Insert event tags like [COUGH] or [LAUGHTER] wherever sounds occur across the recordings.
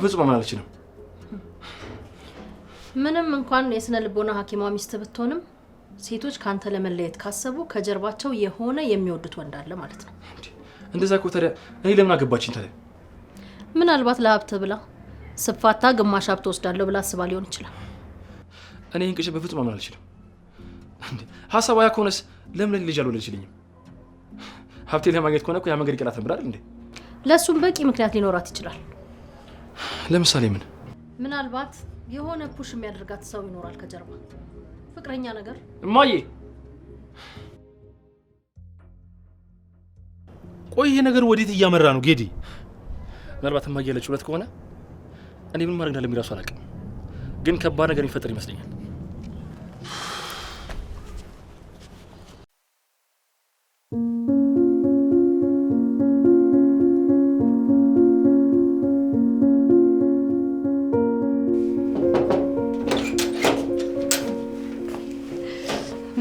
በፍጹም አልችልም። ምንም እንኳን የስነ ልቦና ሐኪሟ ሚስት ብትሆንም ሴቶች ከአንተ ለመለየት ካሰቡ ከጀርባቸው የሆነ የሚወዱት ወንድ አለ ማለት ነው። እንደዛ እኮ ታዲያ እኔ ለምን አገባችኝ ታዲያ? ምናልባት ለሀብት ብላ ስፋታ ግማሽ ሀብት ወስዳለሁ ብላ አስባ ሊሆን ይችላል። እኔ ይህን ቅጭት በፍጹም አምን አልችልም። ሀሳቧ ያ ከሆነስ ለምን ልጅ አልወለደችልኝም? ሀብቴ ለማግኘት ከሆነ ያ መንገድ ይቀላት ነበር እንዴ? ለእሱም በቂ ምክንያት ሊኖራት ይችላል። ለምሳሌ ምን? ምናልባት የሆነ ፑሽ የሚያደርጋት ሰው ይኖራል ከጀርባ ፍቅረኛ ነገር። እማዬ ቆይ ይሄ ነገር ወዴት እያመራ ነው ጌዲ? ምናልባት እማዬ ያለችው እውነት ከሆነ እኔ ምን ማድረግ እንዳለብኝ እራሱ አላውቅም፣ ግን ከባድ ነገር የሚፈጠር ይመስለኛል።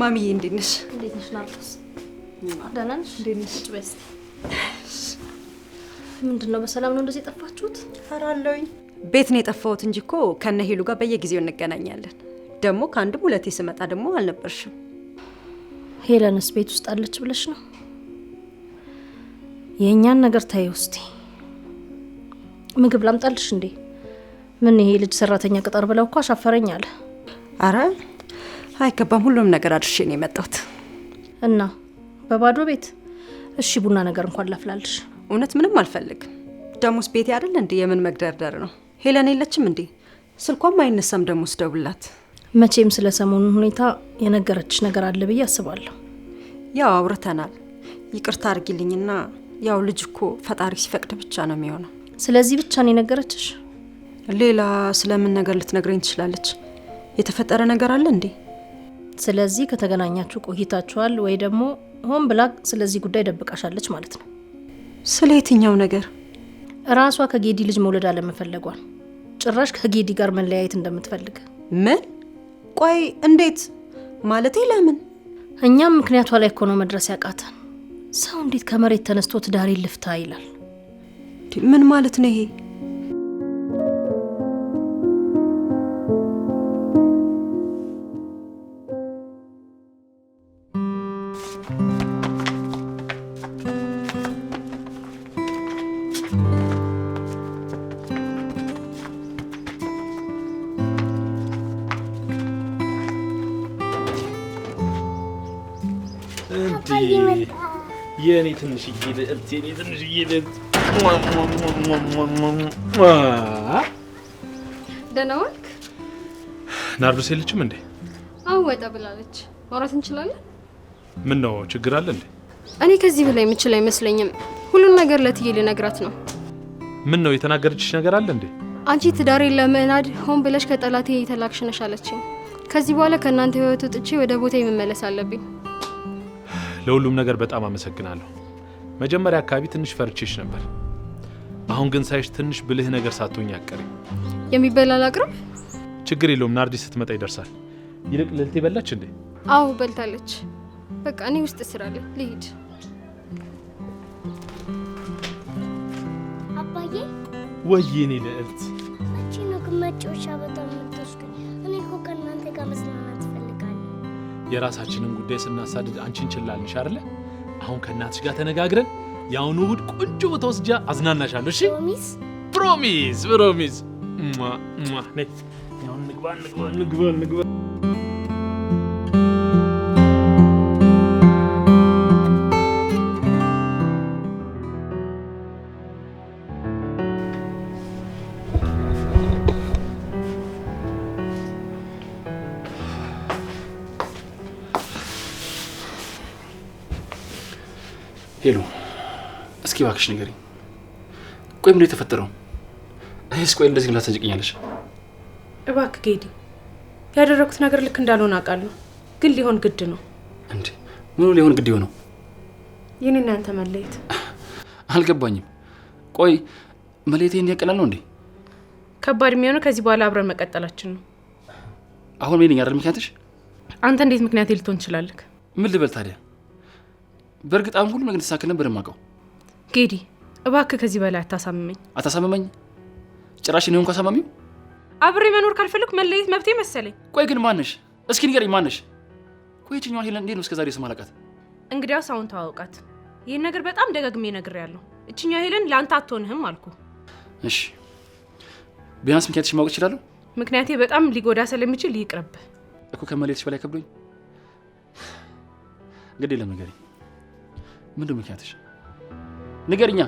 ማሚዬ እንዴት ነሽ? እንዴት ነሽ? ናርዶስ ደህና ነሽ? እንዴት ነሽ? ምንድን ነው? በሰላም ነው እንደዚህ የጠፋችሁት? ፈራለሁኝ። ቤት ነው የጠፋሁት እንጂ እኮ ከነ ሄሉ ጋር በየጊዜው እንገናኛለን። ደግሞ ከአንድም ሁለቴ ስመጣ ደግሞ አልነበርሽም። ሄለንስ ቤት ውስጥ አለች ብለሽ ነው? የእኛን ነገር ታየው ውስቲ ምግብ ላምጣልሽ እንዴ? ምን ይሄ ልጅ ሰራተኛ ቅጠር ብለው እኮ አሻፈረኝ አለ። አረ አይገባም። ሁሉንም ነገር አድርሼ ነው የመጣሁት። እና በባዶ ቤት? እሺ ቡና ነገር እንኳን ላፍላልሽ። እውነት ምንም አልፈልግም። ደሞስ ቤቴ አይደል እንዴ? የምን መግደርደር ነው? ሄለን የለችም እንዴ? ስልኳም አይነሳም። ደሞስ ደውላት። መቼም ስለ ሰሞኑ ሁኔታ የነገረችሽ ነገር አለ ብዬ አስባለሁ። ያው አውርተናል። ይቅርታ አድርጊልኝና ያው ልጅ እኮ ፈጣሪ ሲፈቅድ ብቻ ነው የሚሆነው። ስለዚህ ብቻ ነው የነገረችሽ? ሌላ ስለምን ነገር ልትነግረኝ ትችላለች? የተፈጠረ ነገር አለ እንዴ? ስለዚህ ከተገናኛችሁ ቆይታችኋል ወይ ደግሞ ሆን ብላ ስለዚህ ጉዳይ ደብቃሻለች ማለት ነው። ስለ የትኛው ነገር? ራሷ ከጌዲ ልጅ መውለድ አለመፈለጓል። ጭራሽ ከጌዲ ጋር መለያየት እንደምትፈልግ ምን? ቆይ እንዴት ማለቴ ለምን? እኛም ምክንያቷ ላይ እኮ ነው መድረስ ያቃተን። ሰው እንዴት ከመሬት ተነስቶ ትዳሬ ልፍታ ይላል? ምን ማለት ነው ይሄ? የኔ ትንሽዬ ልዕልት የኔ ትንሽዬ ልዕልት ደህና ዋልክ። ናርዶስ የለችም እንዴ? አዎ ወጣ ብላለች። ማውራት እንችላለን። ምን ነው ችግር አለ እንዴ? እኔ ከዚህ በላይ የምችል አይመስለኝም። ሁሉን ነገር ለትዬ ልነግራት ነው። ምን ነው የተናገረችሽ ነገር አለ እንዴ? አንቺ ትዳሬን ለመናድ ሆን ብለሽ ከጠላቴ የተላክሽ ነሽ አለችኝ። ከዚህ በኋላ ከእናንተ ህይወት ውጥቼ ወደ ቦታ የመመለስ አለብኝ። ለሁሉም ነገር በጣም አመሰግናለሁ። መጀመሪያ አካባቢ ትንሽ ፈርቼሽ ነበር። አሁን ግን ሳይሽ ትንሽ ብልህ ነገር ሳትሆኝ ያቀሪ የሚበላል አቅርብ። ችግር የለውም ናርዲ ስትመጣ ይደርሳል። ይልቅ ልልቴ በላች እንዴ? አዎ በልታለች። በቃ እኔ ውስጥ ስራ ላይ ልሂድ። አባዬ ወይ እኔ ልዕልት፣ መቼ ነው ግን መጫወቻ ቦታ የምትወስዱኝ? እኔ እኮ ከእናንተ ጋር መዝናናት እፈልጋለሁ። የራሳችንን ጉዳይ ስናሳድድ አንቺን ችላልሽ አይደለ? አሁን ከእናትሽ ጋር ተነጋግረን የአሁኑ እሑድ ቆንጆ ቦታ ወስጃ አዝናናሻለሁ። እሺ? ፕሮሚስ ፕሮሚስ ፕሮሚስ። ሟ ሟ ነይ፣ ያሁን ንግባ፣ ንግባ፣ ንግባ፣ ንግባ እስኪ እባክሽ ንገሪኝ። ቆይ ምንድን ነው የተፈጠረው? እህስ ቆይ እንደዚህ ብላ ተንጭቅኛለሽ። እባክህ ጌዲ፣ ያደረኩት ነገር ልክ እንዳልሆነ አውቃለሁ፣ ግን ሊሆን ግድ ነው። እንዴ ምኑ ሊሆን ግድ ይሆነው? ይህን እናንተ መለየት አልገባኝም። ቆይ መለየት ይህን ያቀላል ነው እንዴ? ከባድ የሚሆነው ከዚህ በኋላ አብረን መቀጠላችን ነው። አሁን ምን ያደር ምክንያትሽ? አንተ እንዴት ምክንያት ልትሆን ትችላለህ? ምን ልበል ታዲያ? በእርግጥ አሁን ሁሉ ነገር ተሳክል ነበር የማውቀው ጌዲ እባክህ ከዚህ በላይ አታሳምመኝ አታሳምመኝ ጭራሽ እኔ እንኳ አብሬ መኖር ካልፈልኩ መለየት መብቴ መሰለኝ ቆይ ግን ማነሽ እስኪ ንገረኝ ማነሽ ቆይ ሄለን እንዴት ነው እስከ ዛሬ ስም አላውቃት እንግዲያውስ አሁን ተዋውቃት ይህን ነገር በጣም ደጋግሜ እነግርሃለሁ እችኛው ሄለን ለአንተ አትሆንህም አልኩ እሺ ቢያንስ ምክንያትሽ ማወቅ እችላለሁ ምክንያቴ በጣም ሊጎዳ ስለሚችል ይቅረብ እኮ ከመለየትሽ በላይ ከብዶኝ ግድ የለም ንገሪኝ ምንድን ምክንያትሽ ንገርኛ።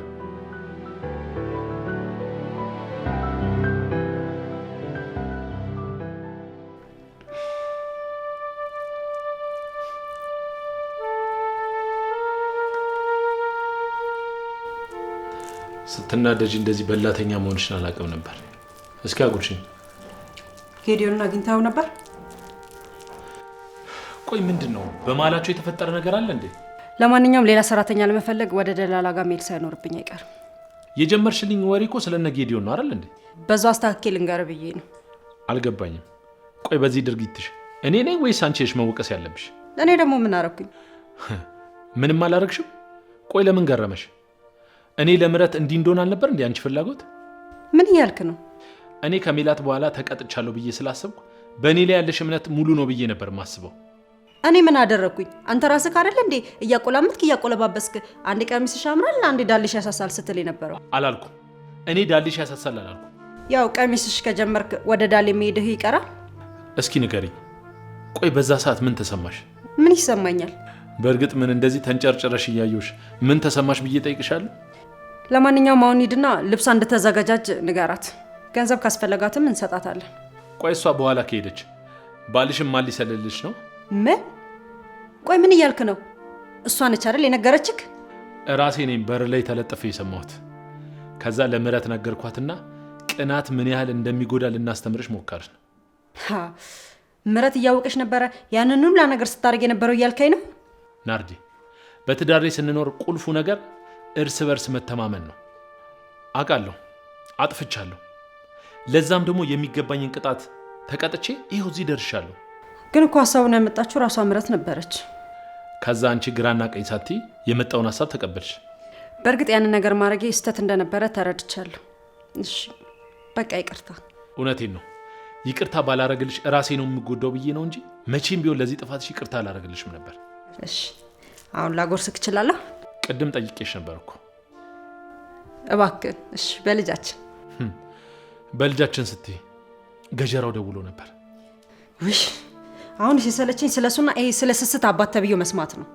ስትናደጅ እንደዚህ በላተኛ መሆንሽን አላውቅም ነበር። እስኪ አጉርሽኝ። ጌዲዮንን አግኝታው ነበር? ቆይ ምንድን ነው በመሀላቸው የተፈጠረ ነገር አለ እንዴ? ለማንኛውም ሌላ ሰራተኛ ለመፈለግ ወደ ደላላ ጋር መሄድ ሳይኖርብኝ አይቀርም። የጀመርሽልኝ ወሬ እኮ ስለነ ጌዲዮን ነው አይደል እንዴ? በዛ አስተካኬ ልንገር ብዬ ነው። አልገባኝም። ቆይ በዚህ ድርጊትሽ እኔ ነኝ ወይስ አንቺ መወቀስ ያለብሽ? እኔ ደግሞ ምን አረኩኝ? [LAUGHS] ምንም አላረግሽም። ቆይ ለምን ገረመሽ? እኔ ለምረት እንዲህ እንደሆን አልነበር እንዴ አንቺ ፍላጎት? ምን እያልክ ነው? እኔ ከሜላት በኋላ ተቀጥቻለሁ ብዬ ስላሰብኩ በእኔ ላይ ያለሽ እምነት ሙሉ ነው ብዬ ነበር ማስበው እኔ ምን አደረግኩኝ? አንተ ራስህ አይደል እንዴ እያቆላመጥክ እያቆለባበስክ አንድ ቀሚስሽ ያምራል አንድ ዳልሽ ያሳሳል ስትል የነበረው? አላልኩ። እኔ ዳልሽ ያሳሳል አላልኩ። ያው ቀሚስሽ ከጀመርክ ወደ ዳሌ የሚሄድህ ይቀራል። እስኪ ንገሪኝ፣ ቆይ በዛ ሰዓት ምን ተሰማሽ? ምን ይሰማኛል? በእርግጥ ምን እንደዚህ ተንጨርጭረሽ እያየሁሽ ምን ተሰማሽ ብዬ ጠይቅሻለሁ። ለማንኛውም አሁን ሂድና ልብሷ እንደተዘጋጃጅ ንገራት። ገንዘብ ካስፈለጋትም እንሰጣታለን። ቆይ እሷ በኋላ ከሄደች ባልሽም ማን ሊሰልልሽ ነው? ቆይ ምን እያልክ ነው? እሷ ነች አይደል የነገረችክ? ነኝ በር ላይ ተለጥፈ የሰማሁት። ከዛ ለምረት ነገርኳትና ቅናት ምን ያህል እንደሚጎዳ ልናስተምርሽ ሞከርን። ምረት እያወቀች ነበረ ያንን ሁሉ ነገር ስታደርግ የነበረው እያልካኝ ነው? ናርዲ፣ በትዳሬ ስንኖር ቁልፉ ነገር እርስ በርስ መተማመን ነው። አውቃለሁ አጥፍቻለሁ። ለዛም ደግሞ የሚገባኝን ቅጣት ተቀጥቼ ይኸው እዚህ ደርሻለሁ። ግን እኮ ሀሳቡን ያመጣችው ራሷ ምረት ነበረች። ከዛ አንቺ ግራና ቀኝ ሳቲ የመጣውን ሀሳብ ተቀበልሽ። በእርግጥ ያንን ነገር ማድረጌ ስህተት እንደነበረ ተረድቻለሁ። እሺ በቃ ይቅርታ። እውነቴን ነው ይቅርታ ባላረግልሽ ራሴ ነው የምጎዳው ብዬ ነው እንጂ መቼም ቢሆን ለዚህ ጥፋትሽ ይቅርታ አላረግልሽም ነበር። እሺ አሁን ላጎርስክ እችላለሁ? ቅድም ጠይቄሽ ነበር እኮ እባክህ። እሺ በልጃችን በልጃችን ስትይ ገጀራው ደውሎ ነበር። ውይ አሁን የሰለችኝ ስለሱና እሱና ይሄ ስለ ስስት አባት ተብዬው መስማት ነው።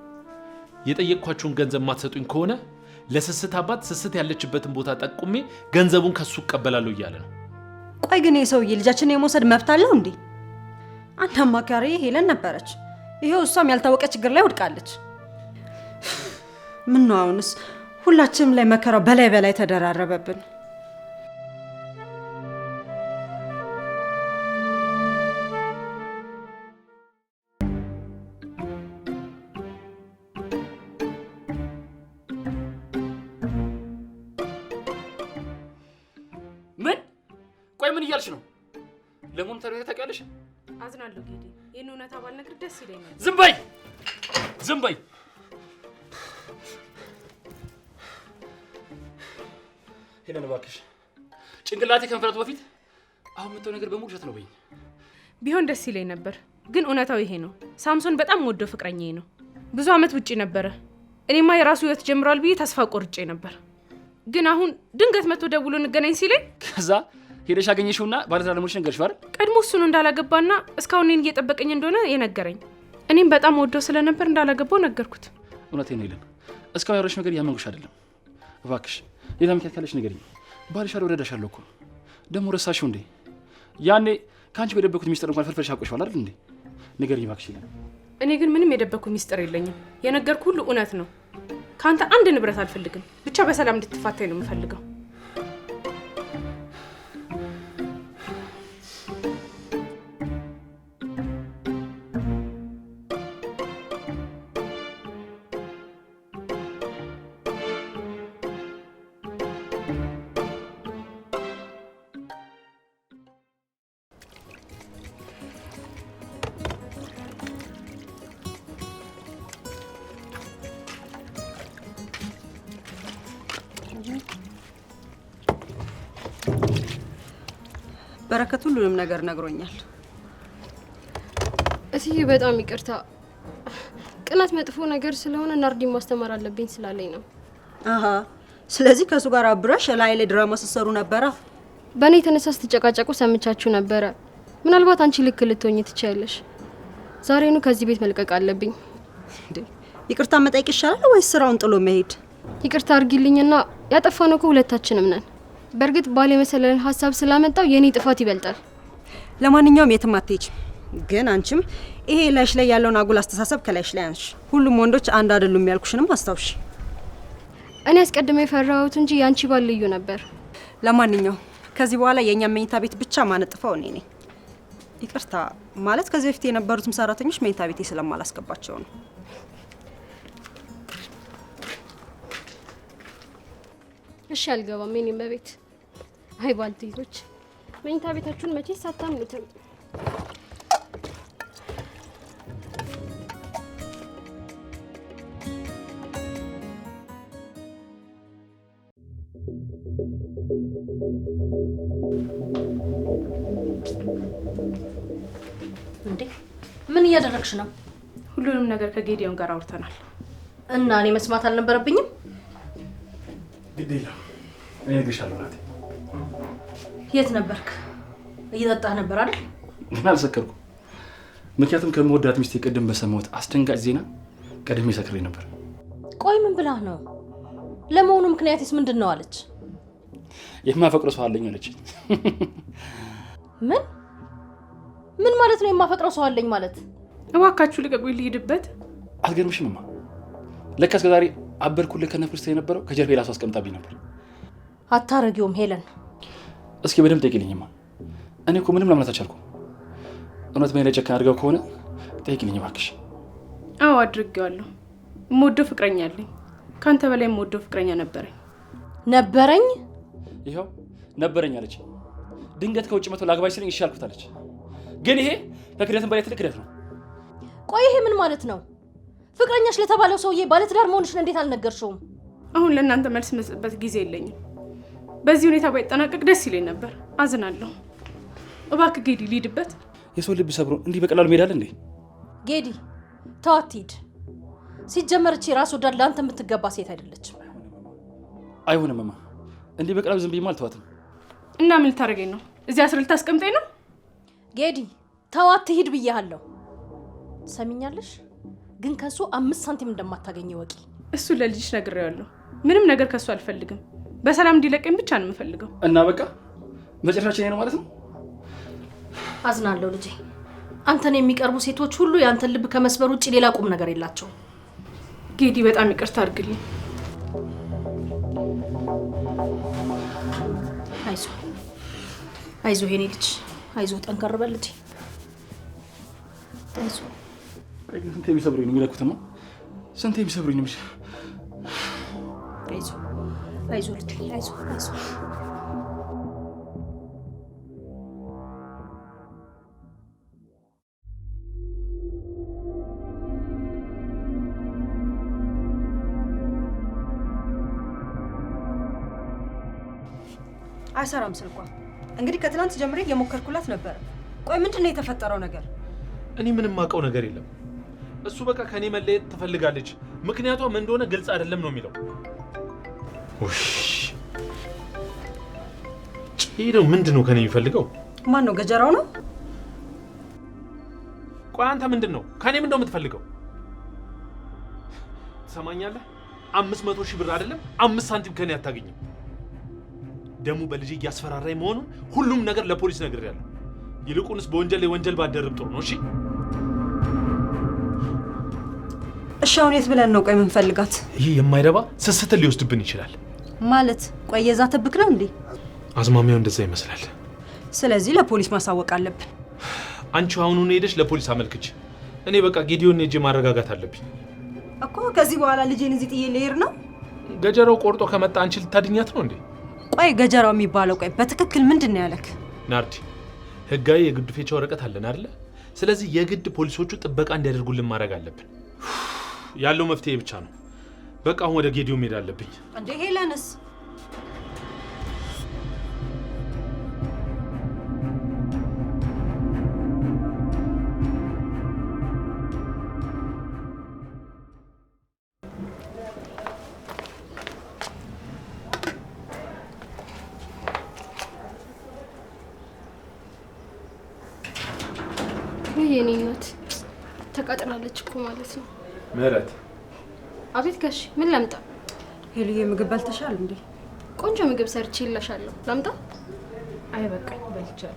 የጠየቅኳችሁን ገንዘብ ማትሰጡኝ ከሆነ ለስስት አባት ስስት ያለችበትን ቦታ ጠቁሜ ገንዘቡን ከሱ እቀበላለሁ እያለ ነው። ቆይ ግን ይህ ሰውዬ ልጃችንን የመውሰድ መብት አለው እንዴ? አንድ አማካሪ ሄለን ነበረች። ይሄው እሷም ያልታወቀ ችግር ላይ ወድቃለች። ምን ነው አሁንስ ሁላችንም ላይ መከራው በላይ በላይ ተደራረበብን። ሄለን እባክሽ ጭንቅላቴ ከመፍራቱ በፊት አሁን የምትሆን ነገር በሙሉ ውሸት ነው በይኝ። ቢሆን ደስ ይለኝ ነበር፣ ግን እውነታው ይሄ ነው። ሳምሶን በጣም ወደው ፍቅረኛዬ ነው። ብዙ አመት ውጪ ነበረ። እኔማ የራሱ ህይወት ጀምሯል ብዬ ተስፋ ቆርጬ ነበር። ግን አሁን ድንገት መጥቶ ደውሎ እንገናኝ ሲለኝ ከዛ ሄደሽ አገኘሽውና ባለትዳር ነገርሽ አይደል? ቀድሞ እሱን እንዳላገባና እስካሁን እኔን እየጠበቀኝ እንደሆነ የነገረኝ እኔም በጣም ወዶ ስለነበር እንዳላገባው ነገርኩት። እውነቴን ነው ይለን እስካሁን ያሮሽ ነገር ያመንኩሽ አይደለም። እባክሽ ሌላ ምክንያት ካለች ንገሪኝ። ባልሻ ወደዳሻለሁ እኮ ደግሞ ረሳሽው እንዴ? ያኔ ከአንቺ በደበኩት ሚስጥር እንኳን ፈልፈልሽ አቆሽዋል አይደል እንዴ? ንገሪኝ እባክሽ። እኔ ግን ምንም የደበኩት ሚስጥር የለኝም። የነገርኩ ሁሉ እውነት ነው። ከአንተ አንድ ንብረት አልፈልግም። ብቻ በሰላም እንድትፋታኝ ነው የምፈልገው። በረከት ሁሉንም ነገር ነግሮኛል። እትዬ በጣም ይቅርታ፣ ቅናት መጥፎ ነገር ስለሆነ ናርዲን ማስተማር አለብኝ ስላለኝ ነው። ስለዚህ ከእሱ ጋር አብረሽ ላይ ላይ ድራማ ስትሰሩ ነበረ። በእኔ የተነሳ ስትጨቃጨቁ ሰምቻችሁ ነበረ። ምናልባት አንቺ ልክ ልትሆኝ ትችያለሽ። ዛሬኑ ከዚህ ቤት መልቀቅ አለብኝ። ይቅርታ መጠየቅ ይሻላል ወይስ ስራውን ጥሎ መሄድ? ይቅርታ አርጊልኝና ያጠፋነው እኮ ሁለታችንም ነን። በእርግጥ ባል የመሰለልን ሀሳብ ስላመጣው የእኔ ጥፋት ይበልጣል። ለማንኛውም የትም አትሄጂም። ግን አንቺም ይሄ ላይሽ ላይ ያለውን አጉል አስተሳሰብ ከላይሽ ላይ አንሽ። ሁሉም ወንዶች አንድ አይደሉም ያልኩሽንም አስታውሽ። እኔ አስቀድሜ የፈራሁት እንጂ የአንቺ ባል ልዩ ነበር። ለማንኛውም ከዚህ በኋላ የእኛ መኝታ ቤት ብቻ ማነጥፈው እኔ ነኝ። ይቅርታ ማለት ከዚህ በፊት የነበሩትም ሰራተኞች መኝታ ቤቴ ስለማላስገባቸው ነው። እሺ፣ አልገባም። እኔም በቤት አይ ባልቴቶች መኝታ ቤታችሁን መቼ ሳታሙትም። እንዴ ምን እያደረግሽ ነው? ሁሉንም ነገር ከጌዲዮን ጋር አውርተናል እና እኔ መስማት አልነበረብኝም። ግዴላ እኔ እልግሻለሁ ናቴ የት ነበርክ? እየጠጣህ ነበር አይደል? ግን አልሰከርኩም። ምክንያቱም ከመወዳት ሚስቴ ቅድም በሰማሁት አስደንጋጭ ዜና ቀድሜ ሰክሬ ነበር። ቆይ ምን ብላህ ነው? ለመሆኑ ምክንያትስ ምንድን ነው አለች? የማፈቅረው ሰው አለኝ አለች። ምን ምን ማለት ነው? የማፈቅረው ሰው አለኝ ማለት? እባካችሁ ልቀቁኝ፣ ልሂድበት። አልገርምሽም? ማ ለካ እስከ አበርኩልህ ከነፍርስት የነበረው ከጀርቤ ላሱ አስቀምጣብኝ ነበር። አታረጊውም ሄለን እስኪ በደንብ ጠይቂልኝማ። እኔ እኮ ምንም ለማለት አልቻልኩም። እውነት በእኔ ላይ ጨካኝ አድርገው ከሆነ ጠይቂልኝ እባክሽ። አዎ አድርጌዋለሁ። የምወደው ፍቅረኛ አለኝ። ከአንተ በላይ የምወደው ፍቅረኛ ነበረኝ። ነበረኝ? ይኸው ነበረኝ አለች። ድንገት ከውጭ መቶ ለአግባሽ ስለኝ ይሻልኩት አለች። ግን ይሄ ከክደትም በላይ ትልቅ ክደት ነው። ቆይ ይሄ ምን ማለት ነው? ፍቅረኛሽ ለተባለው ሰውዬ ባለትዳር መሆንሽን እንዴት አልነገርሽውም? አሁን ለእናንተ መልስ መስጥበት ጊዜ የለኝም። በዚህ ሁኔታ ባይጠናቀቅ ደስ ይለኝ ነበር። አዝናለሁ። እባክህ ጌዲ ልሂድበት። የሰው ልብ ሰብሮ እንዲህ በቀላሉ መሄዳል እንዴ? ጌዲ ተዋት ሂድ። ሲጀመር እቺ ራስ ወዳድ ለአንተ የምትገባ ሴት አይደለችም። አይሆንምማ እንዲህ በቀላሉ ዝም ብዬማ አልተዋትም። እና ምን ልታደርገኝ ነው? እዚህ አስር ልታስቀምጠኝ ነው? ጌዲ ተዋት ሂድ ብያሃለሁ። ሰሚኛለሽ? ግን ከሱ አምስት ሳንቲም እንደማታገኘ ወቂ። እሱ ለልጅሽ ነግሬዋለሁ። ምንም ነገር ከሱ አልፈልግም። በሰላም እንዲለቀኝ ብቻ ነው የምፈልገው። እና በቃ መጨረሻችን ይሄ ነው ማለት ነው። አዝናለሁ ልጄ። አንተን የሚቀርቡ ሴቶች ሁሉ የአንተን ልብ ከመስበር ውጭ ሌላ ቁም ነገር የላቸው። ጌዲ በጣም ይቅርታ አድርግልኝ። አይዞ አይዞ፣ ሄኔ ልጅ አይዞ፣ ጠንከር በል ልጄ አይዞህ። ስንቴ የሚሰብሩኝ ነው የሚለኩትማ፣ ስንት የሚሰብሩኝ ነው። አይዞህ አይዞህ ልትለኝ አይዞህ አይዞህ አይሰራም ስልኳ። እንግዲህ ከትናንት ጀምሬ እየሞከርኩላት ነበር። ቆይ ምንድን ነው የተፈጠረው ነገር? እኔ ምንም የማውቀው ነገር የለም። እሱ በቃ ከእኔ መለየት ትፈልጋለች፣ ምክንያቷም እንደሆነ ግልጽ አይደለም ነው የሚለው ጭሄደው ምንድን ነው ከኔ የሚፈልገው? ማን ነው? ገጀራው ነው? ቆይ አንተ ምንድን ነው ከኔ ምንድን ነው የምትፈልገው? ትሰማኛለህ? አምስት መቶ ሺህ ብር አይደለም አምስት ሳንቲም ከኔ አታገኝም። ደግሞ በልጄ እያስፈራራኝ መሆኑን ሁሉም ነገር ለፖሊስ ነግሬያለሁ። ይልቁንስ በወንጀል ላይ ወንጀል ባደርም ጥሩ ነው። እሺ እሺ አሁን የት ብለን ነው ቆይ የምንፈልጋት? ይህ የማይረባ ስስትን ሊወስድብን ይችላል ማለት። ቆይ የዛ ትብክ ነው እንዴ? አዝማሚያው እንደዛ ይመስላል። ስለዚህ ለፖሊስ ማሳወቅ አለብን። አንቺ አሁኑን ሄደሽ ለፖሊስ አመልክች። እኔ በቃ ጌዲዮን ሄጄ ማረጋጋት አለብኝ እኮ። ከዚህ በኋላ ልጄን እዚህ ጥዬ ልሄድ ነው? ገጀራው ቆርጦ ከመጣ አንቺ ልታድኛት ነው እንዴ? ቆይ ገጀራው የሚባለው ቆይ በትክክል ምንድን ነው ያለክ? ናርዲ ህጋዊ የግድፌቻ ወረቀት አለን አይደለ? ስለዚህ የግድ ፖሊሶቹ ጥበቃ እንዲያደርጉልን ማድረግ አለብን። ያለው መፍትሄ ብቻ ነው። በቃ አሁን ወደ ጌዲዮ መሄድ አለብኝ። እንደ ሄለንስ? የኔ ተቃጥላለች እኮ ማለት ነው። ምህረት አቶ ይትከሽ ምን ለምጣ? ሄሉዬ ምግብ በልተሻል እንዴ? ቆንጆ ምግብ ሰርቼ ይለሻለሁ። ለምጣ? አይ በቃኝ፣ በልቻለሁ።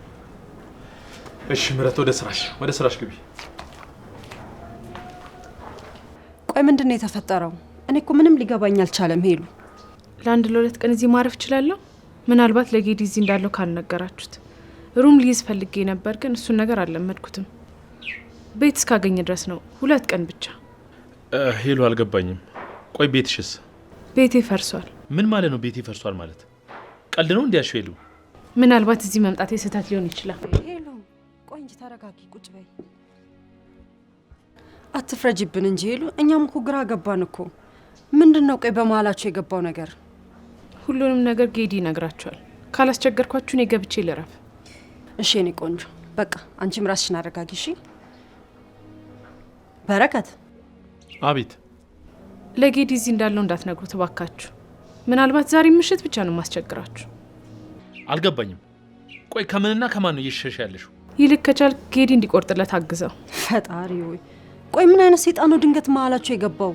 እሺ ምህረት፣ ወደ ስራሽ ወደ ስራሽ ግቢ። ቆይ ምንድን ነው የተፈጠረው? እኔ እኮ ምንም ሊገባኝ አልቻለም። ሄሉ ለአንድ ለሁለት ቀን እዚህ ማረፍ እችላለሁ። ምናልባት ለጌዲ እዚህ እንዳለው ካልነገራችሁት። ሩም ሊይዝ ፈልጌ ነበር፣ ግን እሱን ነገር አልለመድኩትም። ቤት እስካገኘ ድረስ ነው። ሁለት ቀን ብቻ ሄሎ፣ አልገባኝም። ቆይ ቤትሽስ? ቤቴ ፈርሷል። ምን ማለት ነው ቤቴ ፈርሷል ማለት? ቀልድ ነው እንዲያሽ? ሄሉ፣ ምናልባት እዚህ መምጣት ስህተት ሊሆን ይችላል። ሄሎ፣ ቆይ እንጂ ተረጋጊ፣ ቁጭ በይ። አትፍረጅብን እንጂ ሄሉ፣ እኛም እኮ ግራ ገባን እኮ። ምንድን ነው ቆይ በመሀላችሁ የገባው ነገር? ሁሉንም ነገር ጌዲ ይነግራቸዋል። ካላስቸገርኳችሁ እኔ ገብቼ ልረፍ። እሺ የኔ ቆንጆ፣ በቃ አንቺም ራስሽን አረጋጊ። እሺ በረከት አቤት። ለጌዲ እዚህ እንዳለው እንዳትነግሩት እባካችሁ። ምናልባት ዛሬ ምሽት ብቻ ነው የማስቸግራችሁ። አልገባኝም። ቆይ ከምንና ከማን ነው እየሸሸ ያለሽው? ይልክ ከቻል ጌዲ እንዲቆርጥለት አግዘው። ፈጣሪ ወይ! ቆይ ምን አይነት ሰይጣን ነው ድንገት መሀላቸው የገባው?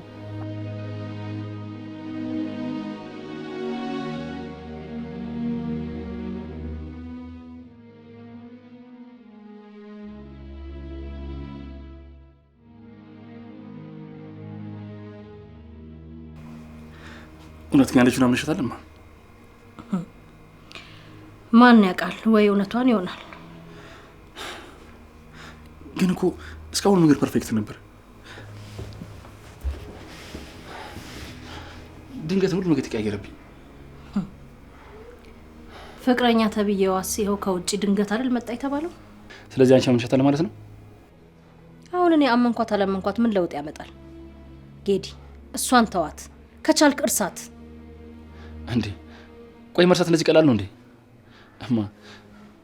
እውነተኛ ልጁን አምንሸታልማ። ማን ያውቃል? ወይ እውነቷን ይሆናል። ግን እኮ እስካሁን ነገር ፐርፌክት ነበር። ድንገት ሁሉ ነገር ተቀያየረብኝ። ፍቅረኛ ተብዬዋስ ይኸው ከውጭ ድንገት አይደል መጣ የተባለው። ስለዚህ አንቺ አምንሻታል ማለት ነው። አሁን እኔ አመንኳት አላመንኳት ምን ለውጥ ያመጣል? ጌዲ፣ እሷን ተዋት፣ ከቻልክ እርሳት። እንዴ ቆይ መርሳት እንደዚህ ቀላል ነው እንዴ? እማ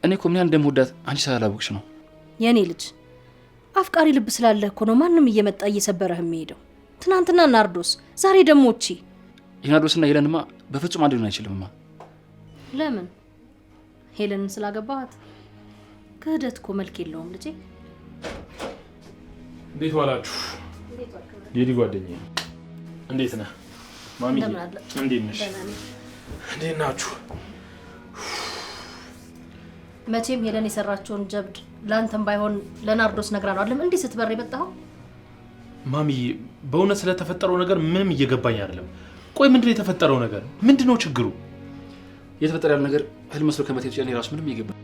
እኔ እኮ ምን ያህል እንደምወዳት አንቺ ሳላላወቅሽ ነው። የእኔ ልጅ አፍቃሪ ልብ ስላለ እኮ ነው ማንም እየመጣ እየሰበረህ የሚሄደው። ትናንትና ናርዶስ፣ ዛሬ ደግሞ እቺ። የናርዶስና ሄለንማ በፍጹም አንድ ሊሆን አይችልምማ። ለምን? ሄለንን ስላገባት ክህደት እኮ መልክ የለውም ልጄ። እንዴት ዋላችሁ? ዴዲ ጓደኛ? እንዴት ነህ? ማሚ እንዴት ነሽ? እንዴት ናችሁ? መቼም ሄለን የሰራቸውን ጀብድ ለአንተም ባይሆን ለናርዶስ ነግራ ነው አለም እንዲህ ስትበር የመጣኸው? ማሚ በእውነት ስለተፈጠረው ነገር ምንም እየገባኝ አይደለም። ቆይ ምንድነው የተፈጠረው ነገር? ምንድነው ችግሩ? የተፈጠረ ያለው ነገር ህልም መስሎ ከመቴ ውጭ እኔ ራሱ ምንም እየገባኝ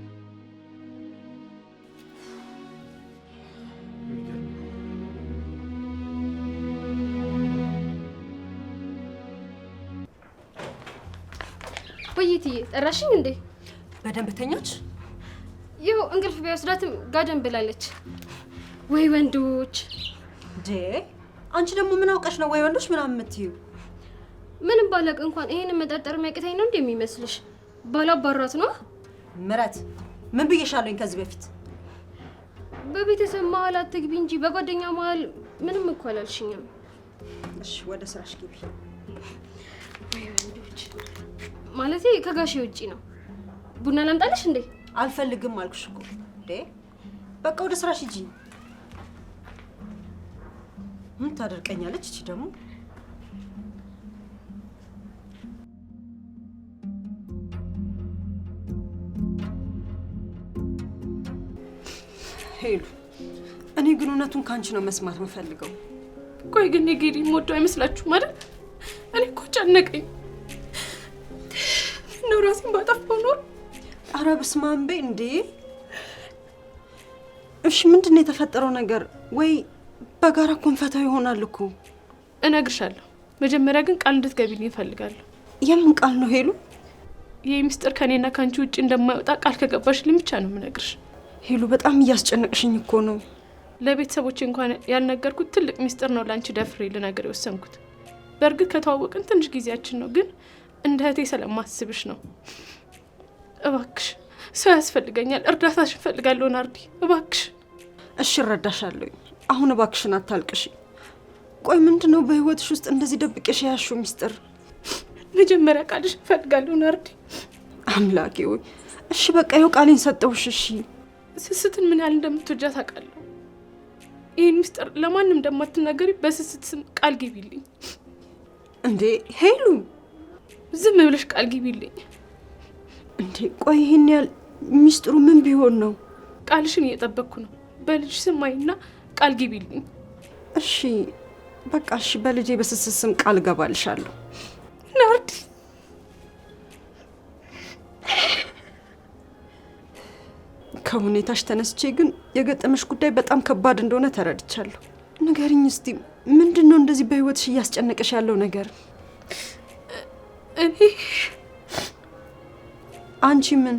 ጠራሽኝ እንዴ? በደንብ ተኛች። ይኸው እንቅልፍ ቢወስዳትም ጋደም ብላለች። ወይ ወንዶች! ዴ አንቺ ደግሞ ምን አውቀሽ ነው ወይ ወንዶች ምናምን ምትዩ? ምንም ባላቅ እንኳን ይሄን መጠርጠር የሚያቅተኝ ነው እንዴ የሚመስልሽ? ባላባራት ነው ምረት። ምን ብዬሻለኝ ከዚህ በፊት? በቤተሰብ መሀል አትግቢ እንጂ በጓደኛ መሀል ምንም እኮ አላልሽኝም። እሺ ወደ ስራሽ ግቢ። ማለት ከጋሼ ውጪ ነው። ቡና ላምጣልሽ እንዴ? አልፈልግም አልኩሽ እኮ እንዴ። በቃ ወደ ስራሽ ሂጂ። ምን ታደርቀኛለች እቺ ደግሞ? ሄሉ፣ እኔ ግን እውነቱን ከአንቺ ነው መስማት የምፈልገው። ቆይ ግን የጌሪ ሞዶ አይመስላችሁም አይደል? እኔ እኮ ጨነቀኝ። እንደው ራሴን ባጠፋው ኖር። አረ በስመ አብ በይ እንዴ! እሺ ምንድን ነው የተፈጠረው ነገር? ወይ በጋራ ኮንፈታው ይሆናል እኮ እነግርሻለሁ። መጀመሪያ ግን ቃል እንድትገቢልኝ እፈልጋለሁ። የምን ቃል ነው ሄሉ? ይህ ሚስጥር ከእኔና ከአንቺ ውጭ እንደማይወጣ ቃል ከገባሽልኝ ብቻ ነው የምነግርሽ። ሄሉ በጣም እያስጨነቅሽኝ እኮ ነው። ለቤተሰቦች እንኳን ያልነገርኩት ትልቅ ሚስጥር ነው ለአንቺ ደፍሬ ልነግር የወሰንኩት። በእርግጥ ከተዋወቅን ትንሽ ጊዜያችን ነው ግን እንደ እህቴ ስለማስብሽ ነው። እባክሽ ሰው ያስፈልገኛል፣ እርዳታሽ እንፈልጋለሁ ናርዲ፣ እባክሽ። እሺ እረዳሻለሁ። አሁን እባክሽን አታልቅሽ። ቆይ ምንድን ነው በህይወትሽ ውስጥ እንደዚህ ደብቄሽ የያዝሽው ሚስጥር? መጀመሪያ ቃልሽ እንፈልጋለሁ ናርዲ። አምላኬ ወይ እሺ፣ በቃ ይኸው ቃሌን ሰጠውሽ። እሺ ስስትን ምን ያህል እንደምትወጃ ታውቃለሁ። ይህን ሚስጥር ለማንም እንደማትናገሪ በስስት ስም ቃል ግቢልኝ። እንዴ ሄሉ ዝም ብለሽ ቃል ግቢልኝ። እንዴ ቆይ ይህን ያህል ሚስጥሩ ምን ቢሆን ነው? ቃልሽን እየጠበቅኩ ነው። በልጅ ስም አይና ቃል ግቢልኝ። እሺ በቃ እሺ፣ በልጄ በስስት ስም ቃል ገባልሻለሁ። ናርድ ከሁኔታሽ ተነስቼ ግን የገጠመሽ ጉዳይ በጣም ከባድ እንደሆነ ተረድቻለሁ። ንገሪኝ እስቲ ምንድን ነው እንደዚህ በህይወትሽ እያስጨነቀሽ ያለው ነገር? እኔ አንቺ ምን